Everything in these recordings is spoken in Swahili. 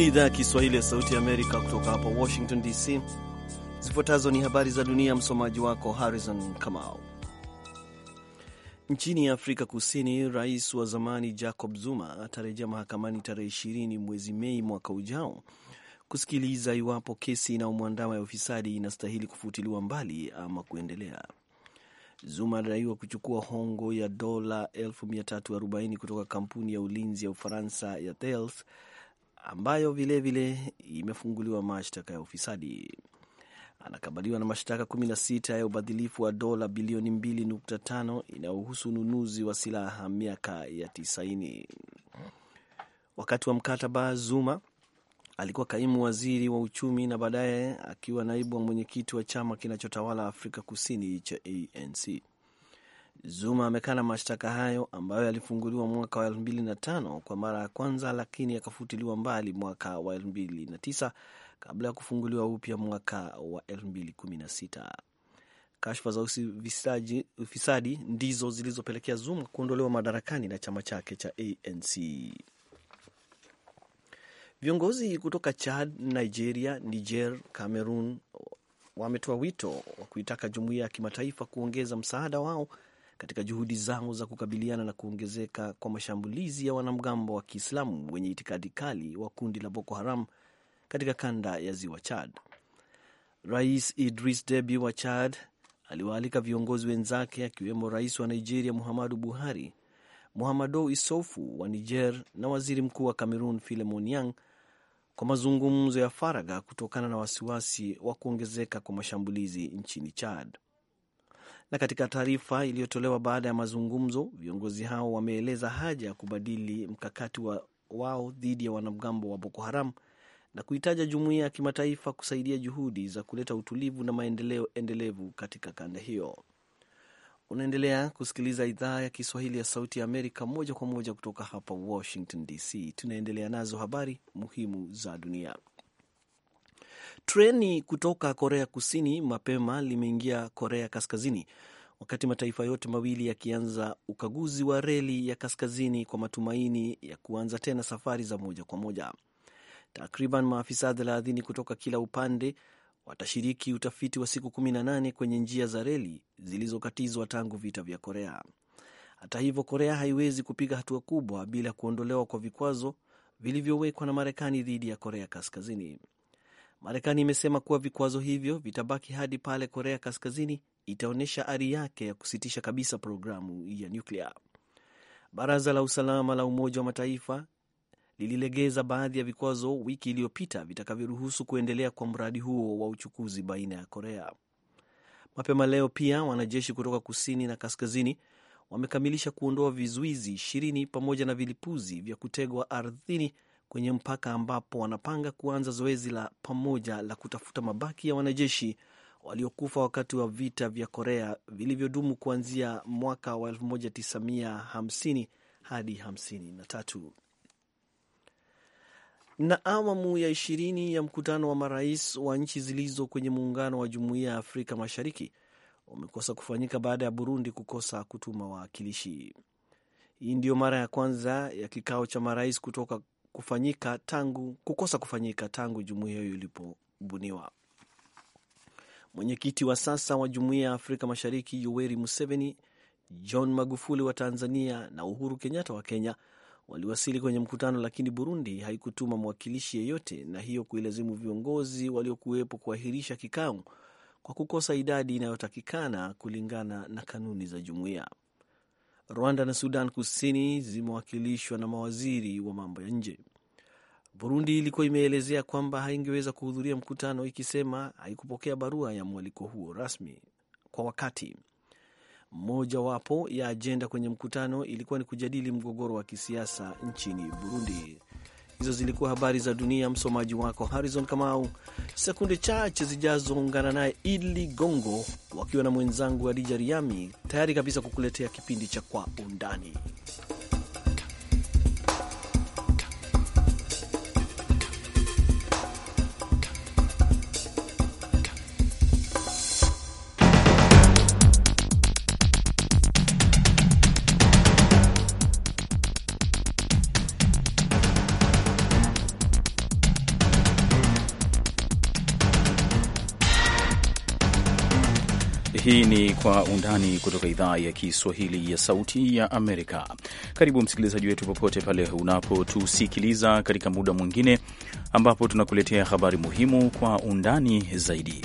ni idhaa ya Kiswahili ya Sauti ya Amerika kutoka hapa Washington DC. Zifuatazo ni habari za dunia, msomaji wako Harrison Kamau. Nchini Afrika Kusini, rais wa zamani Jacob Zuma atarejea mahakamani tarehe ishirini mwezi Mei mwaka ujao kusikiliza iwapo kesi inayomwandama ya ufisadi inastahili kufutiliwa mbali ama kuendelea. Zuma anadaiwa kuchukua hongo ya dola 340 kutoka kampuni ya ulinzi ya Ufaransa ya Thales ambayo vilevile vile imefunguliwa mashtaka ya ufisadi. Anakabiliwa na mashtaka 16 ya ubadhilifu wa dola bilioni 2.5 inayohusu ununuzi wa silaha miaka ya 90. Wakati wa mkataba, Zuma alikuwa kaimu waziri wa uchumi na baadaye akiwa naibu wa mwenyekiti wa chama kinachotawala Afrika Kusini cha ANC. Zuma amekana mashtaka hayo ambayo yalifunguliwa mwaka wa 2005 kwa mara ya kwanza, lakini yakafutiliwa mbali mwaka wa 2009 kabla ya kufunguliwa upya mwaka wa 2016. Kashfa za ufisadi, ndizo zilizopelekea Zuma kuondolewa madarakani na chama chake cha ANC. Viongozi kutoka Chad, Nigeria, Niger, Cameroon wametoa wito wa kuitaka jumuiya ya kimataifa kuongeza msaada wao katika juhudi zao za kukabiliana na kuongezeka kwa mashambulizi ya wanamgambo wa Kiislamu wenye itikadi kali wa kundi la Boko Haram katika kanda ya ziwa Chad. Rais Idris Deby wa Chad aliwaalika viongozi wenzake akiwemo rais wa Nigeria Muhammadu Buhari, muhamado Isofu wa Niger na waziri mkuu wa Cameroon Filemon Yang kwa mazungumzo ya faragha kutokana na wasiwasi wa kuongezeka kwa mashambulizi nchini Chad. Na katika taarifa iliyotolewa baada ya mazungumzo, viongozi hao wameeleza haja ya kubadili mkakati wa wao dhidi ya wanamgambo wa Boko Haram na kuitaja jumuiya ya kimataifa kusaidia juhudi za kuleta utulivu na maendeleo endelevu katika kanda hiyo. Unaendelea kusikiliza idhaa ya Kiswahili ya Sauti ya Amerika moja kwa moja kutoka hapa Washington DC. Tunaendelea nazo habari muhimu za dunia treni kutoka Korea Kusini mapema limeingia Korea Kaskazini wakati mataifa yote mawili yakianza ukaguzi wa reli ya kaskazini kwa matumaini ya kuanza tena safari za moja kwa moja. Takriban maafisa thelathini kutoka kila upande watashiriki utafiti wa siku 18 kwenye njia za reli zilizokatizwa tangu vita vya Korea. Hata hivyo, Korea haiwezi kupiga hatua kubwa bila kuondolewa kwa vikwazo vilivyowekwa na Marekani dhidi ya Korea Kaskazini. Marekani imesema kuwa vikwazo hivyo vitabaki hadi pale Korea Kaskazini itaonyesha ari yake ya kusitisha kabisa programu ya nyuklia. Baraza la Usalama la Umoja wa Mataifa lililegeza baadhi ya vikwazo wiki iliyopita vitakavyoruhusu kuendelea kwa mradi huo wa uchukuzi baina ya Korea. Mapema leo pia wanajeshi kutoka kusini na kaskazini wamekamilisha kuondoa vizuizi ishirini pamoja na vilipuzi vya kutegwa ardhini kwenye mpaka ambapo wanapanga kuanza zoezi la pamoja la kutafuta mabaki ya wanajeshi waliokufa wakati wa vita vya Korea vilivyodumu kuanzia mwaka wa 1950 hadi 53. Na awamu ya ishirini ya mkutano wa marais wa nchi zilizo kwenye muungano wa Jumuiya ya Afrika Mashariki umekosa kufanyika baada ya Burundi kukosa kutuma wawakilishi. Hii ndiyo mara ya kwanza ya kikao cha marais kutoka kufanyika tangu, kukosa kufanyika tangu jumuiya hiyo ilipobuniwa. Mwenyekiti wa sasa wa jumuiya ya Afrika Mashariki Yoweri Museveni, John Magufuli wa Tanzania na Uhuru Kenyatta wa Kenya waliwasili kwenye mkutano, lakini Burundi haikutuma mwakilishi yeyote, na hiyo kuilazimu viongozi waliokuwepo kuahirisha kikao kwa kukosa idadi inayotakikana kulingana na kanuni za jumuiya. Rwanda na Sudan Kusini zimewakilishwa na mawaziri wa mambo ya nje. Burundi ilikuwa imeelezea kwamba haingeweza kuhudhuria mkutano ikisema haikupokea barua ya mwaliko huo rasmi kwa wakati. Mojawapo ya ajenda kwenye mkutano ilikuwa ni kujadili mgogoro wa kisiasa nchini Burundi. Hizo zilikuwa habari za dunia. Msomaji wako Harrison Kamau. Sekunde chache zijazo ungana naye idli Gongo wakiwa na mwenzangu Adija Riami tayari kabisa kukuletea kipindi cha Kwa Undani. Hii ni Kwa Undani kutoka idhaa ya Kiswahili ya Sauti ya Amerika. Karibu msikilizaji wetu popote pale unapotusikiliza katika muda mwingine ambapo tunakuletea habari muhimu kwa undani zaidi.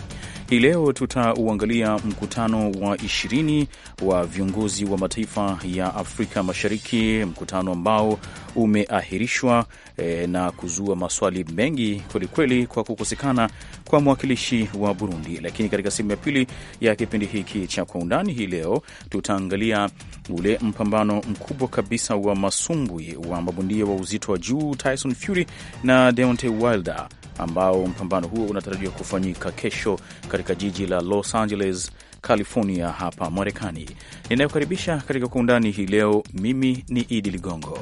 Hii leo tutauangalia mkutano wa ishirini wa viongozi wa mataifa ya Afrika Mashariki, mkutano ambao umeahirishwa e, na kuzua maswali mengi kwelikweli kwa kukosekana kwa mwakilishi wa Burundi. Lakini katika sehemu ya pili ya kipindi hiki cha Kwa Undani hii leo tutaangalia ule mpambano mkubwa kabisa wa masumbwi wa mabondia wa uzito wa juu Tyson Fury na Deontay Wilder, ambao mpambano huo unatarajiwa kufanyika kesho katika jiji la Los Angeles, California, hapa Marekani. Ninayokaribisha katika Kwa Undani hii leo, mimi ni Idi Ligongo.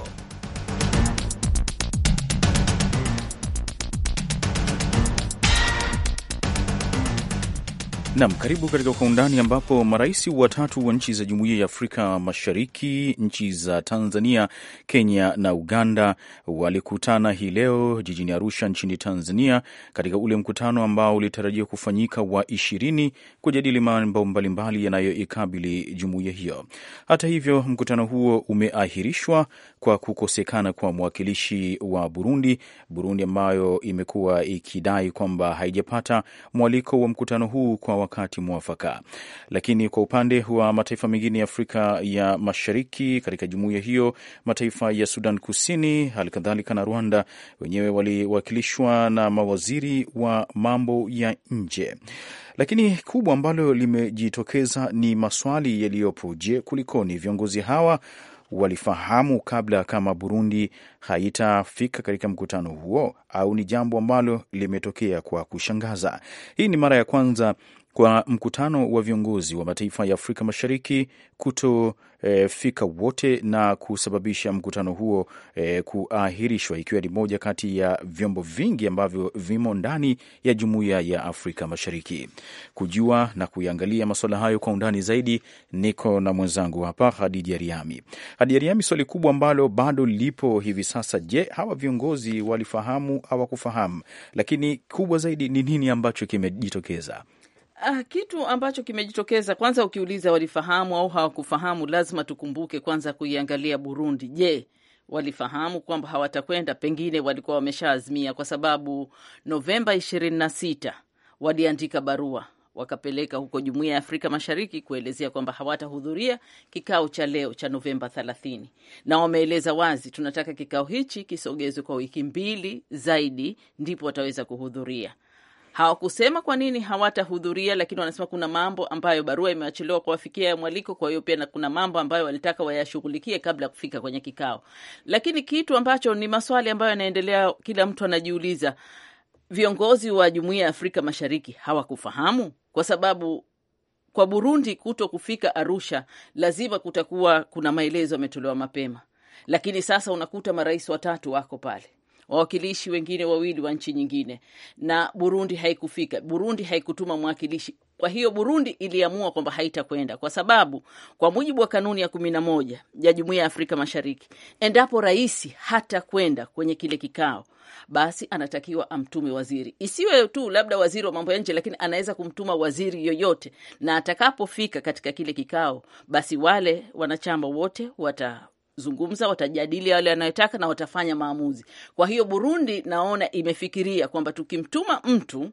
Nam, karibu katika Kwa Undani, ambapo marais watatu wa nchi za Jumuiya ya Afrika Mashariki, nchi za Tanzania, Kenya na Uganda walikutana hii leo jijini Arusha nchini Tanzania, katika ule mkutano ambao ulitarajiwa kufanyika wa ishirini kujadili mambo mbalimbali yanayoikabili jumuiya hiyo. Hata hivyo, mkutano huo umeahirishwa kwa kukosekana kwa mwakilishi wa Burundi, Burundi ambayo imekuwa ikidai kwamba haijapata mwaliko wa mkutano huu kwa wakati mwafaka. Lakini kwa upande wa mataifa mengine ya Afrika ya Mashariki katika jumuiya hiyo, mataifa ya Sudan Kusini halikadhalika na Rwanda wenyewe waliwakilishwa na mawaziri wa mambo ya nje. Lakini kubwa ambalo limejitokeza ni maswali yaliyopo. Je, kulikoni viongozi hawa walifahamu kabla kama Burundi haitafika katika mkutano huo, au ni jambo ambalo limetokea kwa kushangaza? Hii ni mara ya kwanza kwa mkutano wa viongozi wa mataifa ya Afrika Mashariki kutofika eh, e, wote na kusababisha mkutano huo e, kuahirishwa, ikiwa ni moja kati ya vyombo vingi ambavyo vimo ndani ya Jumuiya ya Afrika Mashariki. Kujua na kuiangalia masuala hayo kwa undani zaidi, niko na mwenzangu hapa Hadija Riami. Hadija Riami, swali kubwa ambalo bado lipo hivi sasa, je, hawa viongozi walifahamu hawakufahamu? Lakini kubwa zaidi ni nini ambacho kimejitokeza? Ah, kitu ambacho kimejitokeza kwanza, ukiuliza walifahamu au hawakufahamu, lazima tukumbuke kwanza kuiangalia Burundi. Je, walifahamu kwamba hawatakwenda? Pengine walikuwa wameshaazimia, kwa sababu Novemba ishirini na sita waliandika barua wakapeleka huko Jumuiya ya Afrika Mashariki kuelezea kwamba hawatahudhuria kikao cha leo cha Novemba 30, na wameeleza wazi, tunataka kikao hichi kisogezwe kwa wiki mbili zaidi, ndipo wataweza kuhudhuria. Hawakusema kwa nini hawatahudhuria, lakini wanasema kuna mambo ambayo barua imewachelewa kuwafikia ya mwaliko, kwa hiyo pia na kuna mambo ambayo walitaka wayashughulikie kabla ya kufika kwenye kikao. Lakini kitu ambacho ni maswali ambayo yanaendelea, kila mtu anajiuliza, viongozi wa Jumuiya ya Afrika Mashariki hawakufahamu kwa sababu kwa Burundi kuto kufika Arusha lazima kutakuwa kuna maelezo yametolewa mapema, lakini sasa unakuta marais watatu wako pale wawakilishi wengine wawili wa nchi nyingine, na Burundi haikufika. Burundi haikutuma mwakilishi. Kwa hiyo Burundi iliamua kwamba haitakwenda kwa sababu, kwa mujibu wa kanuni ya kumi na moja ya Jumuiya ya Afrika Mashariki, endapo rais hatakwenda kwenye kile kikao, basi anatakiwa amtume waziri, isiwe tu labda waziri wa mambo ya nje, lakini anaweza kumtuma waziri yoyote, na atakapofika katika kile kikao, basi wale wanachama wote wata zungumza watajadili wale wanayotaka na watafanya maamuzi. Kwa hiyo Burundi naona imefikiria kwamba tukimtuma mtu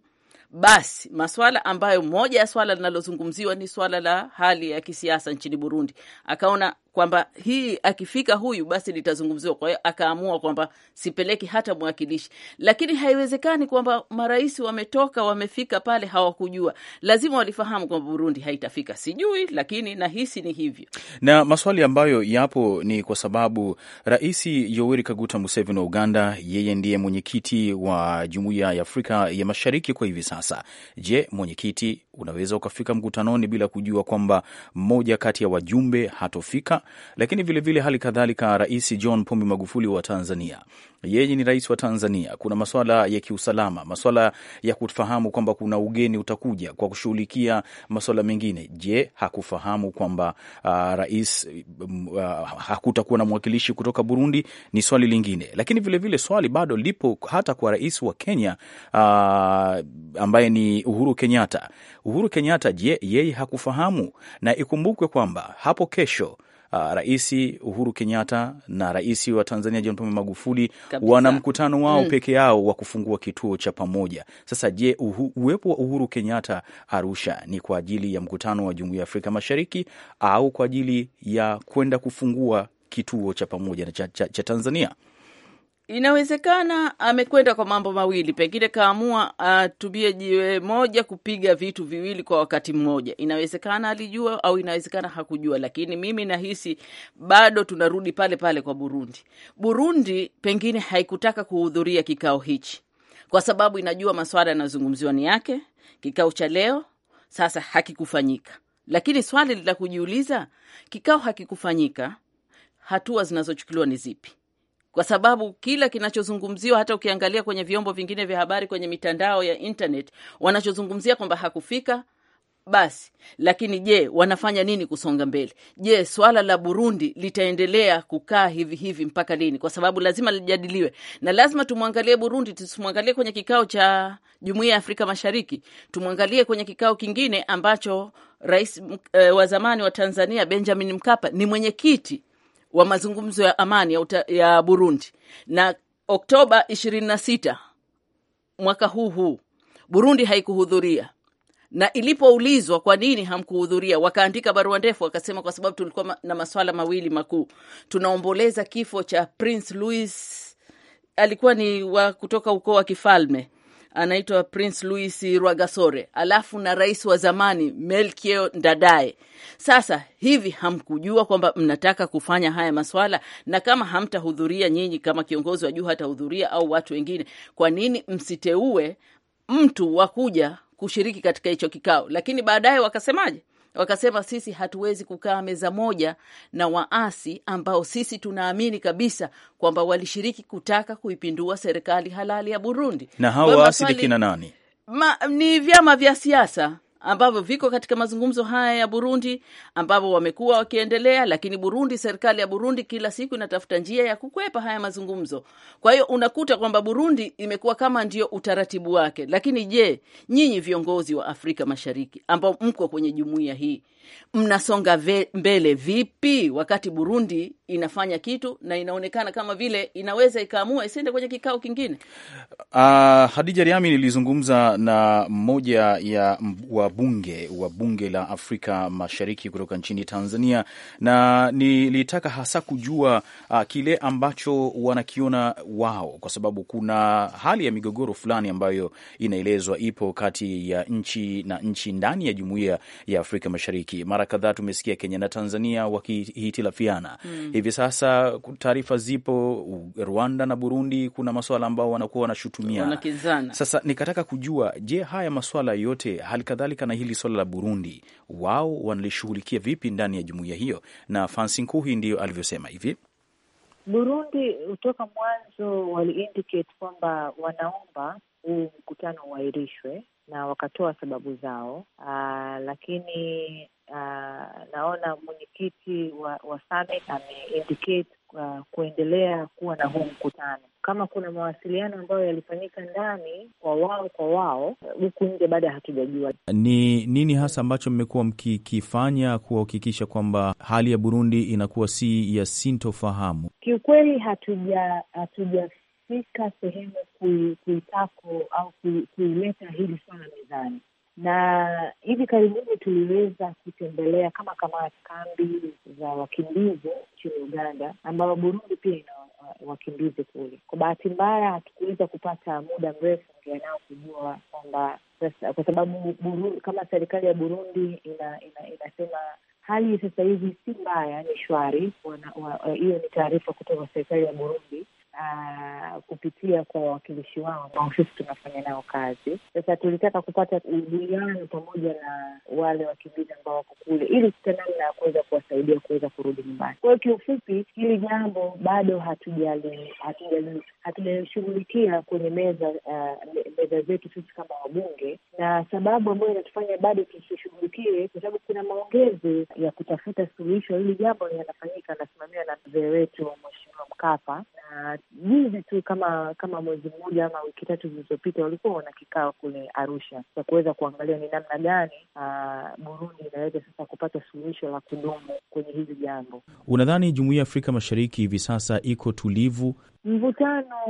basi maswala ambayo moja ya swala linalozungumziwa ni swala la hali ya kisiasa nchini Burundi, akaona kwamba hii akifika huyu basi litazungumziwa. Kwa hiyo akaamua kwamba sipeleki hata mwakilishi, lakini haiwezekani kwamba marais wametoka wamefika pale hawakujua. Lazima walifahamu kwamba Burundi haitafika. Sijui, lakini nahisi ni hivyo, na maswali ambayo yapo ni kwa sababu Rais Yoweri Kaguta Museveni wa Uganda, yeye ndiye mwenyekiti wa Jumuiya ya Afrika ya Mashariki kwa hivi sasa. Je, mwenyekiti, unaweza ukafika mkutanoni bila kujua kwamba mmoja kati ya wajumbe hatofika? lakini vilevile hali kadhalika Rais John Pombe Magufuli wa Tanzania. Yeye ni rais wa Tanzania. Kuna maswala ya kiusalama, maswala ya kufahamu kwamba kuna ugeni utakuja kwa kushughulikia maswala mengine. Je, hakufahamu kwamba uh, rais uh, hakutakuwa na mwakilishi kutoka Burundi? Ni swali lingine, lakini vilevile vile swali bado lipo hata kwa rais wa Kenya uh, ambaye ni Uhuru Kenyatta. Uhuru Kenyatta, je, yeye hakufahamu? Na ikumbukwe kwamba hapo kesho uh, Rais Uhuru Kenyatta na rais wa Tanzania John Pombe Magufuli wana mkutano wao mm. peke yao wa kufungua kituo cha pamoja. Sasa je, uhu, uwepo wa Uhuru Kenyatta Arusha ni kwa ajili ya mkutano wa Jumuiya ya Afrika Mashariki au kwa ajili ya kwenda kufungua kituo cha pamoja cha, cha, cha Tanzania? Inawezekana amekwenda kwa mambo mawili, pengine kaamua atumie jiwe moja kupiga vitu viwili kwa wakati mmoja. Inawezekana alijua au inawezekana hakujua, lakini mimi nahisi bado tunarudi pale pale kwa Burundi. Burundi pengine haikutaka kuhudhuria kikao hichi kwa sababu inajua maswala yanayozungumziwa ni yake. Kikao cha leo sasa hakikufanyika, lakini swali la kujiuliza, kikao hakikufanyika, hatua zinazochukuliwa ni zipi? kwa sababu kila kinachozungumziwa, hata ukiangalia kwenye vyombo vingine vya habari, kwenye mitandao ya internet, wanachozungumzia kwamba hakufika basi lakini, je, wanafanya nini kusonga mbele? Je, swala la Burundi litaendelea kukaa hivi hivi mpaka lini? Kwa sababu lazima lijadiliwe na lazima tumwangalie Burundi, tusimwangalie kwenye kikao cha Jumuiya ya Afrika Mashariki, tumwangalie kwenye kikao kingine ambacho rais e, wa zamani wa Tanzania Benjamin Mkapa ni mwenyekiti wa mazungumzo ya amani ya, uta, ya Burundi na Oktoba 26 mwaka huu huu Burundi haikuhudhuria na ilipoulizwa kwa nini hamkuhudhuria, wakaandika barua ndefu, wakasema kwa sababu tulikuwa na maswala mawili makuu. Tunaomboleza kifo cha Prince Louis, alikuwa ni wa kutoka ukoo wa kifalme anaitwa Prince Louis Rwagasore, alafu na rais wa zamani Melkio Ndadaye. Sasa hivi hamkujua kwamba mnataka kufanya haya maswala, na kama hamtahudhuria nyinyi, kama kiongozi wa juu hatahudhuria au watu wengine, kwa nini msiteue mtu wa kuja kushiriki katika hicho kikao? Lakini baadaye wakasemaje? Wakasema sisi hatuwezi kukaa meza moja na waasi ambao sisi tunaamini kabisa kwamba walishiriki kutaka kuipindua serikali halali ya Burundi. Na hao waasi ni kina nani? Ma, ni vyama vya siasa ambavyo viko katika mazungumzo haya ya Burundi ambavyo wamekuwa wakiendelea, lakini Burundi, serikali ya Burundi kila siku inatafuta njia ya kukwepa haya mazungumzo. Kwa hiyo unakuta kwamba Burundi imekuwa kama ndio utaratibu wake. Lakini je, nyinyi viongozi wa Afrika Mashariki ambao mko kwenye jumuiya hii mnasonga ve, mbele vipi wakati Burundi inafanya kitu na inaonekana kama vile inaweza ikaamua isiende kwenye kikao kingine. Uh, Hadija Riami nilizungumza na mmoja ya wabunge wa bunge la Afrika Mashariki kutoka nchini Tanzania, na nilitaka hasa kujua uh, kile ambacho wanakiona wao, kwa sababu kuna hali ya migogoro fulani ambayo inaelezwa ipo kati ya nchi na nchi ndani ya jumuiya ya Afrika Mashariki. Mara kadhaa tumesikia Kenya na Tanzania wakihitilafiana mm. Hivi sasa taarifa zipo Rwanda na Burundi, kuna maswala ambao wanakuwa wanashutumiana. Sasa nikataka kujua, je, haya maswala yote hali kadhalika na hili swala la Burundi, wao wanalishughulikia vipi ndani ya jumuiya hiyo? Na Fansi Nkuhi ndiyo alivyosema hivi Burundi kutoka mwanzo waliindicate kwamba wanaomba huu mkutano uahirishwe na wakatoa sababu zao. Aa, lakini uh, naona mwenyekiti wa, wa summit ameindicate uh, kuendelea kuwa na huu mkutano. Kama kuna mawasiliano ambayo yalifanyika ndani kwa wao kwa wao, huku nje bado hatujajua ni nini hasa ambacho mmekuwa mkikifanya kuhakikisha kwamba hali ya Burundi inakuwa si ya sintofahamu. Kiukweli hatuja hatuja sehemu kuitako au kuileta hili swala mezani na hivi karibuni tuliweza kutembelea kama kamati kambi za wakimbizi nchini Uganda, ambayo Burundi pia ina wakimbizi kule. Kwa bahati mbaya, hatukuweza kupata muda mrefu ongea nao kujua kwamba kwa sababu Burundi, kama serikali ya Burundi ina, ina, inasema hali sasa hivi si mbaya, ni shwari. Hiyo ni taarifa kutoka serikali ya Burundi uh, kupitia kwa wawakilishi wao ambao sisi tunafanya nao kazi. Sasa tulitaka kupata uwiano pamoja na wale wakimbizi ambao wako kule, ili tute namna ya kuweza kuwasaidia kuweza kurudi nyumbani. Kwa hiyo kiufupi, hili jambo bado hatujali hatujalishughulikia kwenye meza uh, meza zetu sisi kama wabunge, na sababu ambayo inatufanya bado tusishughulikie, kwa sababu kuna maongezi ya kutafuta suluhisho. Hili jambo yanafanyika, anasimamiwa na mzee wetu Mheshimiwa Mkapa juzi tu kama kama mwezi mmoja ama wiki tatu zilizopita walikuwa wana kikao kule Arusha cha kuweza kuangalia ni namna gani uh, Burundi inaweza sasa kupata suluhisho la kudumu kwenye hili jambo. Unadhani jumuia ya Afrika Mashariki hivi sasa iko tulivu? Mvutano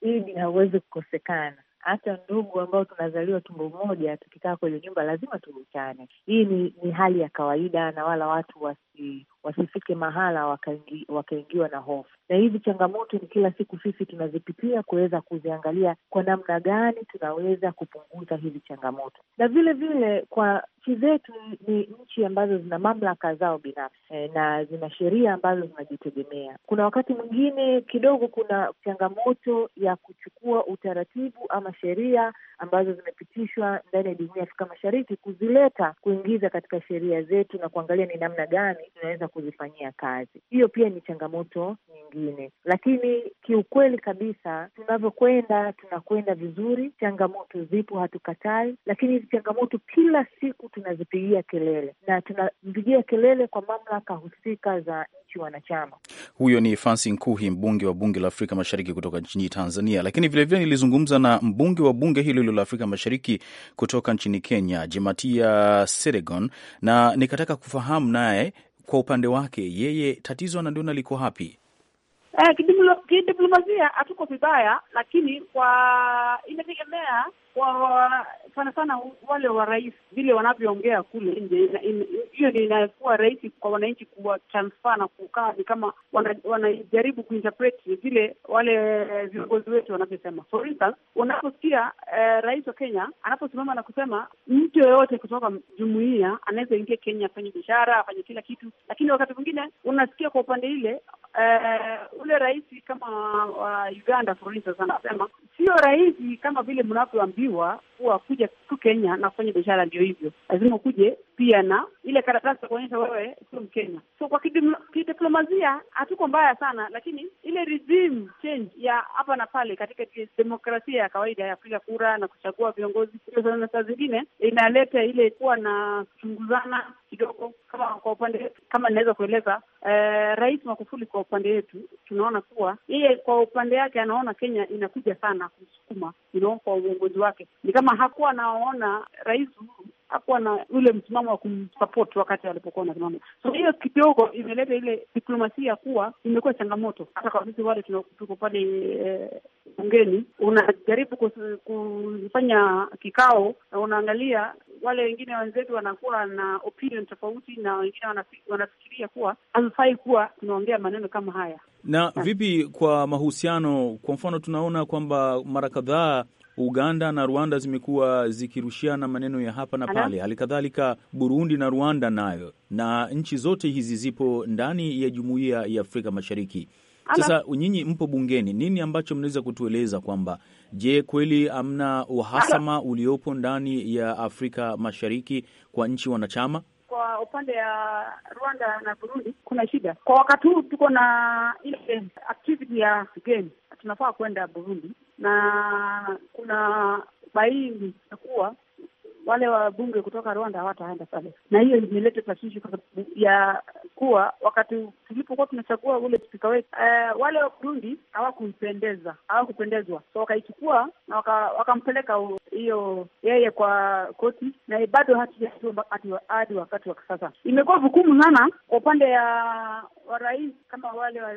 ili hauwezi kukosekana hata ndugu ambao tunazaliwa tumbo moja tukikaa kwenye nyumba lazima tuvutane. Hii ni, ni hali ya kawaida na wala watu wasi wasifike mahala wakaingi, wakaingiwa na hofu. Na hizi changamoto ni kila siku sisi tunazipitia kuweza kuziangalia kwa namna gani tunaweza kupunguza hizi changamoto, na vile vile kwa nchi zetu ni nchi ambazo zina mamlaka zao binafsi e, na zina sheria ambazo zinajitegemea. Kuna wakati mwingine kidogo kuna changamoto ya kuchukua utaratibu ama sheria ambazo zimepitishwa ndani ya jumuiya ya Afrika Mashariki kuzileta kuingiza katika sheria zetu na kuangalia ni namna gani tunaweza kuweza kuzifanyia kazi. Hiyo pia ni changamoto nyingine, lakini kiukweli kabisa tunavyokwenda, tunakwenda vizuri. Changamoto zipo, hatukatai, lakini hizi changamoto kila siku tunazipigia kelele na tunazipigia kelele kwa mamlaka husika za nchi wanachama. Huyo ni Fansi Nkuhi, mbunge wa bunge la Afrika Mashariki kutoka nchini Tanzania. Lakini vilevile nilizungumza na mbunge wa bunge hilo hilo la Afrika Mashariki kutoka nchini Kenya, Jematia Seregon, na nikataka kufahamu naye kwa upande wake yeye tatizo analiona liko hapi? Eh, kidiplomasia hatuko vibaya, lakini kwa imetegemea kwa sana sana wale wa rais vile wanavyoongea kule nje, hiyo ndio inakuwa rahisi kwa wananchi kuwa transfer na kukaa ni kama wanajaribu kuinterpreti vile wale eh, viongozi wetu wanavyosema. For instance, unaposikia eh, rais wa Kenya anaposimama na kusema mtu yoyote kutoka jumuia anaweza ingia Kenya afanye biashara afanye kila kitu, lakini wakati mwingine unasikia kwa upande ile Uh, ule rais kama wa uh, Uganda for instance anasema sio rahisi kama vile mnavyoambiwa kuwa kuja tu Kenya na kufanya biashara ndio hivyo, lazima ukuje pia na ile karatasi ya kuonyesha wewe sio Mkenya. So kwa kidiplomasia hatuko mbaya sana, lakini ile regime change ya hapa na pale katika demokrasia ya kawaida ya kupiga kura na kuchagua viongozi, saa zingine inaleta ile kuwa na chunguzana kidogo. Kama kwa upande wetu, kama inaweza kueleza eh, Rais Magufuli kwa upande wetu tunaona kuwa yeye kwa upande yake anaona Kenya inakuja sana kusukuma you know, kwa uongozi wake ni kama hakuwa anaona Rais hakuwa na ule msimamo wa kumsupport wakati alipokuwa anasimama. So hiyo kidogo imeleta ile diplomasia kuwa imekuwa changamoto, hata kwa sisi wale tuko pale eh, bungeni e, unajaribu kufanya kikao na unaangalia wale wengine wenzetu wanakuwa na opinion tofauti, na wengine wanafikiria kuwa hazifai kuwa tunaongea maneno kama haya. Na vipi kwa mahusiano? Kwa mfano tunaona kwamba mara kadhaa Uganda na Rwanda zimekuwa zikirushiana maneno ya hapa na pale, hali kadhalika Burundi na Rwanda nayo, na nchi zote hizi zipo ndani ya jumuiya ya Afrika Mashariki. Sasa nyinyi mpo bungeni, nini ambacho mnaweza kutueleza kwamba je, kweli amna uhasama uliopo ndani ya Afrika Mashariki kwa nchi wanachama? Kwa upande ya Rwanda na Burundi kuna shida kwa wakati huu, tuko na ile activity ya game tunafaa kwenda Burundi na kuna baini ya kuwa wale wabunge kutoka Rwanda hawataenda pale, na hiyo imeleta tashwishi kwa sababu ya kuwa wakati tulipokuwa tunachagua ule spika wetu uh, wale wa Burundi hawakuipendeza hawakupendezwa, so wakaichukua na wakampeleka waka hiyo yeye kwa koti, na bado hatujajua hadi wakati wa sasa. Imekuwa vugumu sana kwa upande ya wa rais kama wale wa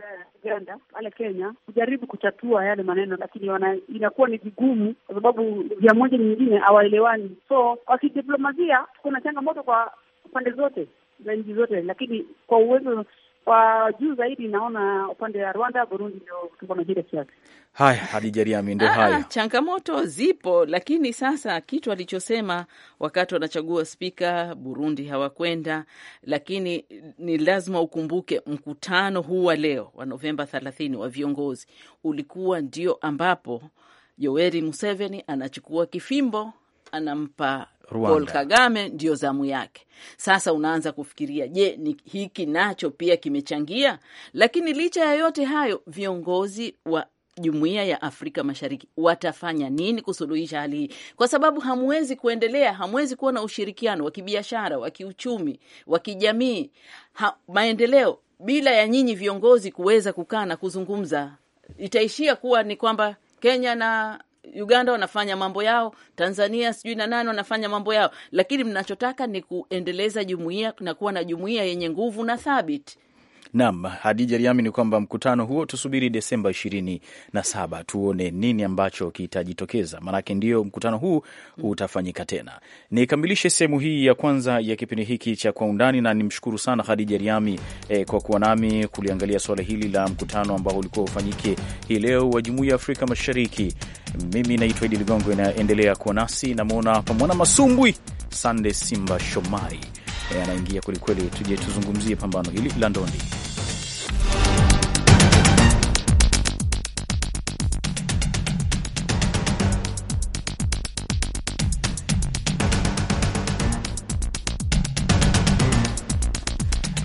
Uganda pale Kenya kujaribu kutatua yale maneno, lakini wana, inakuwa ni vigumu kwa sababu njia moja nyingine hawaelewani so kwa kidiplomasia kuna na changamoto kwa pande zote za nchi zote, lakini kwa uwezo kwa juu zaidi naona upande wa Rwanda, Burundi ndio tuko na shida kiasi. Haya, Hadija Riami, ndio ah, haya changamoto zipo, lakini sasa kitu alichosema wakati wanachagua spika Burundi hawakwenda, lakini ni lazima ukumbuke mkutano huu wa leo wa Novemba 30 wa viongozi ulikuwa ndio ambapo Yoweri Museveni anachukua kifimbo anampa Paul Kagame ndio zamu yake. Sasa unaanza kufikiria, je, ni hiki nacho pia kimechangia? Lakini licha ya yote hayo, viongozi wa Jumuiya ya Afrika Mashariki watafanya nini kusuluhisha hali hii? Kwa sababu hamwezi kuendelea, hamwezi kuwa na ushirikiano wa kibiashara, wa kiuchumi, wa kijamii, maendeleo bila ya nyinyi viongozi kuweza kukaa na kuzungumza. Itaishia kuwa ni kwamba Kenya na Uganda wanafanya mambo yao, Tanzania sijui na nani wanafanya mambo yao, lakini mnachotaka ni kuendeleza jumuia na kuwa na jumuia yenye nguvu na thabiti. Naam, Hadija Riami, ni kwamba mkutano huo tusubiri Desemba ishirini na saba tuone nini ambacho kitajitokeza, maanake ndio mkutano huu utafanyika tena. Nikamilishe sehemu hii ya kwanza ya kipindi hiki cha Kwa Undani, na nimshukuru sana Hadija Riami eh, kwa kuwa nami kuliangalia suala hili la mkutano ambao ulikuwa ufanyike hii leo wa Jumuiya ya Afrika Mashariki. Mimi naitwa Idi Ligongo, inaendelea kuwa nasi. Namwona pamwana masumbwi Sande Simba Shomari eh, anaingia kwelikweli. Tuje tuzungumzie pambano hili la ndondi.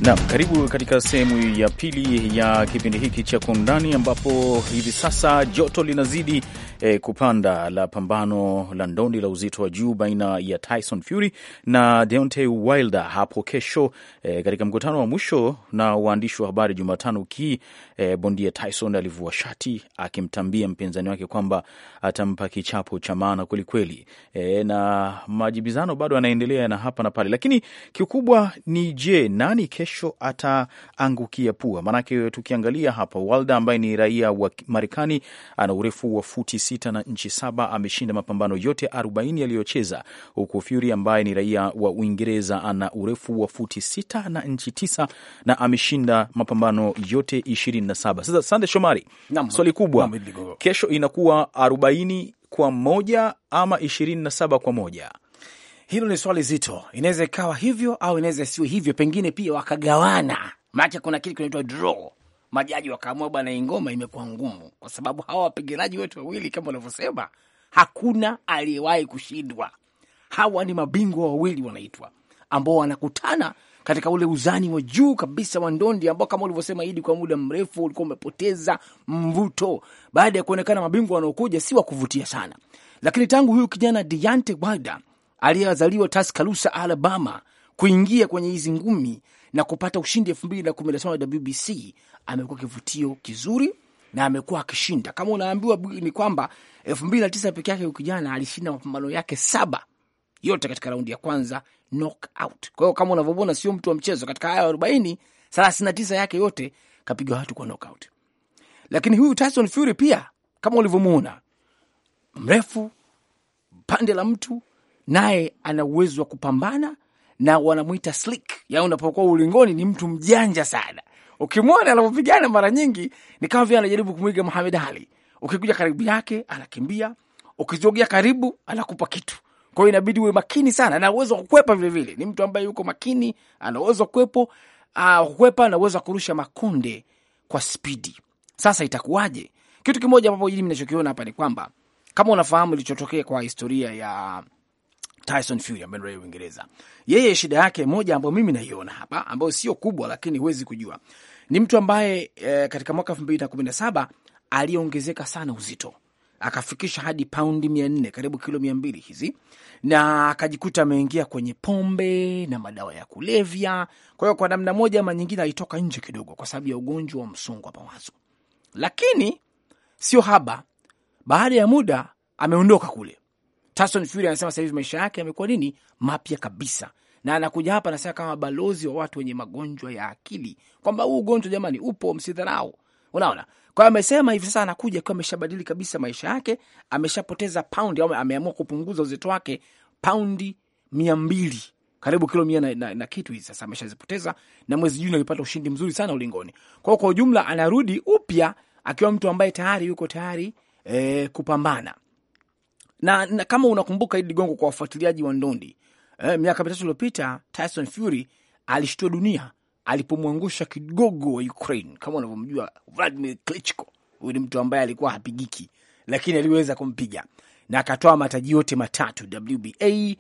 Naam, karibu katika sehemu ya pili ya kipindi hiki cha Kwa Undani, ambapo hivi sasa joto linazidi eh, kupanda la pambano la ndondi la uzito wa juu baina ya Tyson Fury na Deontay Wilder hapo kesho eh, katika mkutano wa mwisho na waandishi wa habari Jumatano ki eh, bondia Tyson alivua shati akimtambia mpinzani wake kwamba atampa kichapo cha maana kwelikweli. Eh, na majibizano bado yanaendelea na hapa na pale, lakini kikubwa ni je, nani kesho ataangukia pua? Maanake tukiangalia hapa Wilder ambaye ni raia wa Marekani ana urefu wa futi sita na nchi saba. Ameshinda mapambano yote 40 yaliyocheza, huku Fury ambaye ni raia wa Uingereza ana urefu wa futi sita na nchi tisa na ameshinda mapambano yote 27. Sasa Sande Shomari, swali kubwa kesho inakuwa 40 kwa moja ama 27 kwa moja? Hilo ni swali zito. Inaweza ikawa hivyo au inaweza siwe hivyo, pengine pia wakagawana, maanake kuna kitu kinaitwa draw majaji wakaamua, bwana, hii ngoma imekuwa ngumu, kwa sababu hawa wapiganaji wetu wawili kama wanavyosema, hakuna aliyewahi kushindwa. Hawa ni mabingwa wawili wanaitwa, ambao wanakutana katika ule uzani wa juu kabisa wa ndondi ambao kama ulivyosema Idi, kwa muda mrefu ulikuwa umepoteza mvuto. Baada ya kuonekana mabingwa wanaokuja si wa kuvutia sana, lakini tangu huyu kijana Deontay Wilder aliyezaliwa Tuscaloosa, Alabama, kuingia kwenye hizi ngumi na kupata ushindi elfu mbili na kumi na saba WBC, amekuwa kivutio kizuri na amekuwa akishinda. Kama unaambiwa ni kwamba elfu mbili na tisa peke yake kijana alishinda mapambano yake saba yote katika raundi ya kwanza knockout. Kwa hiyo kama unavyoona, sio mtu wa mchezo. Katika haya arobaini thelathini na tisa yake yote kapiga watu kwa knockout. Lakini huyu Tyson Fury pia kama ulivyomwona, mrefu pande la mtu, naye ana uwezo wa kupambana na wanamwita slick ya yaani unapokuwa ulingoni ni mtu mjanja sana. Ukimwona anapopigana mara nyingi ni kama vile anajaribu kumwiga Muhammad Ali. Ukikuja karibu yake anakimbia, ukizogea karibu anakupa kitu. Kwa hiyo inabidi uwe makini sana na uwezo wa kukwepa vile vile. Ni mtu ambaye yuko makini, ana uwezo wa kwepo, ah, kukwepa na uwezo kurusha makunde kwa spidi. Sasa itakuwaje? Kitu kimoja ambapo hili ninachokiona hapa ni kwamba kama unafahamu ilichotokea kwa historia ya Tyson Fury ambaye ni raia wa Uingereza. Yeye shida yake moja ambayo mimi naiona hapa, ambayo sio kubwa, lakini huwezi kujua, ni mtu ambaye e, katika mwaka 2017 aliongezeka sana uzito akafikisha hadi paundi mia nne karibu kilo mia mbili hizi, na akajikuta ameingia kwenye pombe na madawa ya kulevya. Kwa hiyo kwa namna moja ama nyingine alitoka nje kidogo kwa sababu ya ugonjwa wa msongo wa mawazo, lakini sio haba, baada ya muda ameondoka kule Tyson Fury anasema sasa hivi maisha yake yamekuwa nini mapya kabisa, na anakuja hapa anasema kama balozi wa watu wenye magonjwa ya akili kwamba huu ugonjwa jamani upo, msidharau. Unaona, kwa amesema hivi sasa anakuja akiwa ameshabadili kabisa maisha yake, ameshapoteza paundi au ameamua kupunguza uzito wake paundi mia mbili karibu kilo mia na, na, na kitu hizi sasa ameshazipoteza, na mwezi Juni alipata ushindi mzuri sana ulingoni. Kwa hiyo kwa ujumla anarudi upya akiwa mtu ambaye tayari yuko tayari e, kupambana na, na kama unakumbuka hili ligongo, kwa wafuatiliaji wa ndondi eh, miaka mitatu iliyopita Tyson Fury alishtua dunia alipomwangusha kigogo wa Ukraine. Kama unavyomjua Vladimir Klitschko, huyu ni mtu ambaye alikuwa hapigiki, lakini aliweza kumpiga na akatoa mataji yote matatu WBA,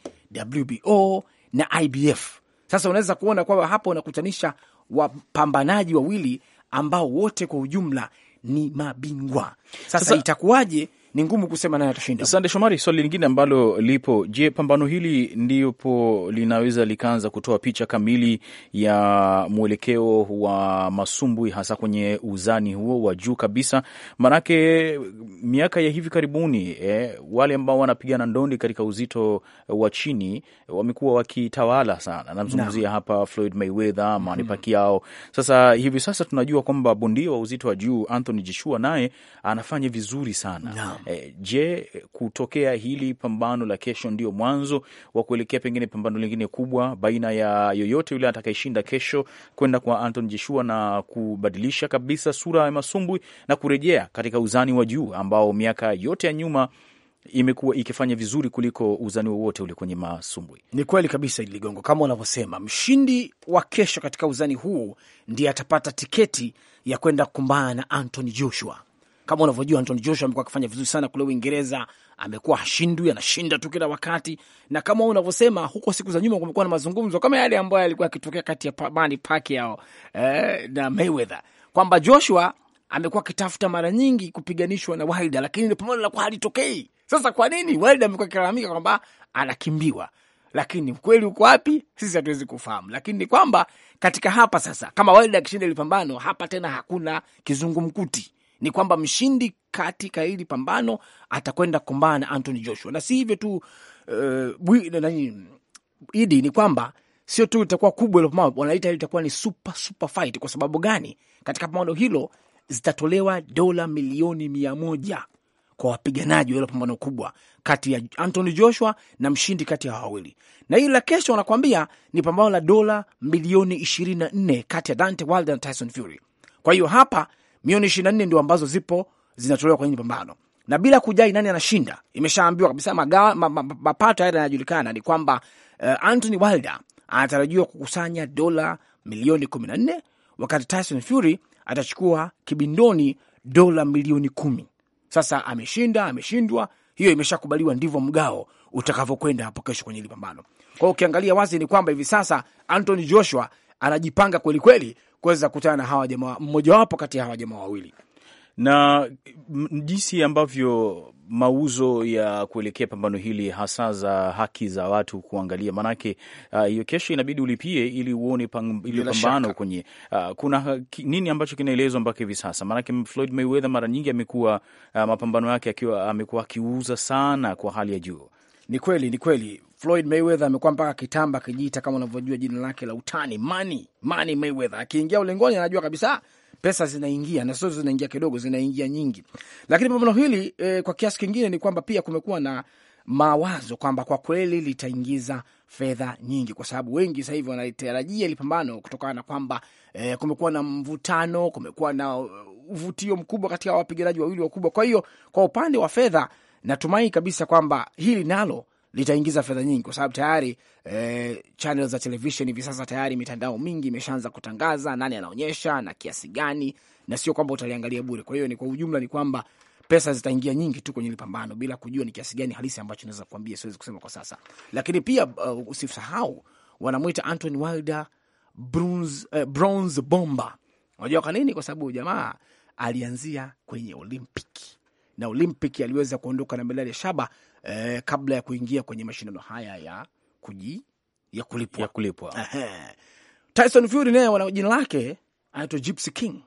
WBO na IBF. Sasa unaweza kuona kwamba hapa unakutanisha wapambanaji wawili ambao wote kwa ujumla ni mabingwa. Sasa, sasa itakuwaje ni ngumu kusema naye atashinda. Sande Shomari, swali lingine ambalo lipo, je, pambano hili ndipo linaweza likaanza kutoa picha kamili ya mwelekeo wa masumbwi, hasa kwenye uzani huo wa juu kabisa? Maanake miaka ya hivi karibuni eh, wale ambao wanapigana ndondi katika uzito wa chini wamekuwa wakitawala sana. Namzungumzia na hapa Floyd Mayweather, Manny mm-hmm. Pacquiao. Sasa hivi sasa tunajua kwamba bondia wa uzito wa juu Anthony Joshua naye anafanya vizuri sana na E, je, kutokea hili pambano la kesho ndio mwanzo wa kuelekea pengine pambano lingine kubwa baina ya yoyote yule atakayeshinda kesho kwenda kwa anton Joshua na kubadilisha kabisa sura ya masumbwi na kurejea katika uzani wa juu ambao miaka yote ya nyuma imekuwa ikifanya vizuri kuliko uzani wowote ule kwenye masumbwi. Ni kweli kabisa, Idi Ligongo, kama unavyosema, mshindi wa kesho katika uzani huu ndiye atapata tiketi ya kwenda kukumbana na Anthony Joshua. Kama unavyojua Anthony Joshua amekuwa akifanya vizuri sana kule Uingereza, amekuwa hashindwi, anashinda tu kila wakati, na kama unavyosema huko, siku za nyuma kumekuwa na mazungumzo kama yale ambayo yalikuwa yakitokea kati ya Manny Pacquiao eh, na Mayweather kwamba Joshua amekuwa akitafuta mara nyingi kupiganishwa na Wilder, lakini pambano la kwa halitokei. Sasa kwa nini Wilder amekuwa akilalamika kwamba anakimbiwa lakini ukweli uko wapi? Sisi hatuwezi kufahamu, lakini ni kwamba katika hapa sasa, kama Wilder akishinda ile pambano, hapa tena hakuna kizungumkuti, ni kwamba mshindi katika hili pambano atakwenda kukumbana na Anthony Joshua, na si hivyo tu uh, idi ni kwamba sio tu itakuwa kubwa hilo pambano, wanaita itakuwa ni super super fight. Kwa sababu gani? Katika pambano hilo zitatolewa dola milioni mia moja kwa wapiganaji wa ilo pambano kubwa kati ya Anthony Joshua na mshindi kati ya wawili, na hili la kesho wanakuambia ni pambano la dola milioni nne kati ya dante Wilder na Tyson Fury. Kwa hiyo hapa milioni ishirini na nne ndio ambazo zipo zinatolewa kwenye pambano na bila kujali nani anashinda, imeshaambiwa kabisa mapato ma, ma, ma, yale yanayojulikana ni kwamba uh, Anthony Wilder anatarajiwa kukusanya dola milioni kumi na nne wakati Tyson Fury atachukua kibindoni dola milioni kumi. Sasa ameshinda ameshindwa, hiyo imeshakubaliwa, ndivyo mgao utakavyokwenda hapo kesho kwenye hili pambano. Kwa hiyo ukiangalia wazi ni kwamba hivi sasa Anthony Joshua anajipanga kwelikweli kuweza kukutana na hawa jamaa, mmojawapo kati ya hawa jamaa wawili na jinsi ambavyo mauzo ya kuelekea pambano hili hasa za haki za watu kuangalia, maanake uh, hiyo uh, kesho inabidi ulipie ili uone ile pambano kwenye uh, kuna nini ambacho kinaelezwa mpaka hivi sasa. Maanake Floyd Mayweather mara nyingi amekuwa uh, mapambano yake akiwa amekuwa akiuza sana kwa hali ya juu. Ni kweli, ni kweli Floyd Mayweather amekuwa mpaka kitamba akijiita kama unavyojua jina lake la utani Money, Money Mayweather. Akiingia ulingoni anajua kabisa pesa zinaingia na sio zinaingia kidogo, zinaingia nyingi. Lakini pambano hili e, kwa kiasi kingine ni kwamba pia kumekuwa na mawazo kwamba kwa kweli litaingiza fedha nyingi, kwa sababu wengi sasa hivi wanaitarajia lipambano kutokana na kwamba e, kumekuwa na mvutano, kumekuwa na eh, uvutio mkubwa katika wapiganaji wawili wakubwa. Kwa hiyo kwa upande wa fedha, natumai kabisa kwamba hili nalo litaingiza fedha nyingi, kwa sababu tayari eh, channel za television hivi sasa tayari mitandao mingi imeshaanza kutangaza nani anaonyesha na kiasi gani, na sio kwamba utaliangalia bure. Kwa hiyo ni kwa ujumla ni kwamba pesa zitaingia nyingi tu kwenye lipambano, bila kujua ni kiasi gani halisi ambacho naweza kuambia, siwezi kusema kwa sasa. Lakini pia uh, usisahau wanamwita Anthony Wilder bronze, eh, bronze bomba. Unajua kwa nini? Kwa sababu jamaa alianzia kwenye Olympic na Olympic aliweza kuondoka na medali ya shaba eh, kabla ya kuingia kwenye mashindano haya ya kuji ya kulipwa, ya kulipwa. Tyson Fury naye wana jina lake anaitwa Gypsy King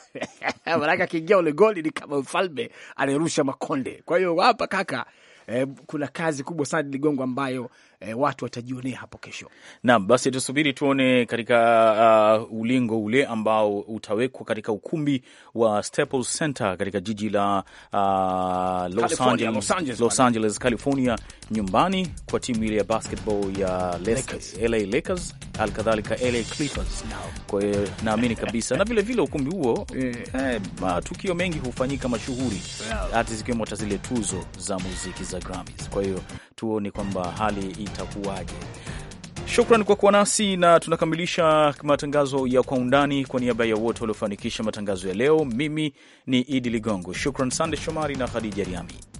manake akiingia ule goli ni kama mfalme anayerusha makonde. Kwa hiyo hapa kaka, eh, kuna kazi kubwa sana Ligongo ambayo e, watu watajionea hapo kesho. Naam, basi tusubiri tuone katika uh, ulingo ule ambao utawekwa katika ukumbi wa Staples Center katika jiji la uh, Los, Angeles, Los, Angeles, Los Angeles, California, nyumbani kwa timu ile ya basketball ya Lakers, LA Lakers alkadhalika LA Clippers. Kwa hiyo naamini kabisa na vilevile ukumbi huo eh, eh, matukio mengi hufanyika mashuhuri, hata zikiwemo hata zile tuzo za muziki za Grammys. Kwa hiyo tuone kwamba hali itakuwaje? Shukran kwa kuwa nasi na tunakamilisha matangazo ya Kwa Undani. Kwa niaba ya wote waliofanikisha matangazo ya leo, mimi ni Idi Ligongo. Shukran Sande Shomari na Khadija Riami.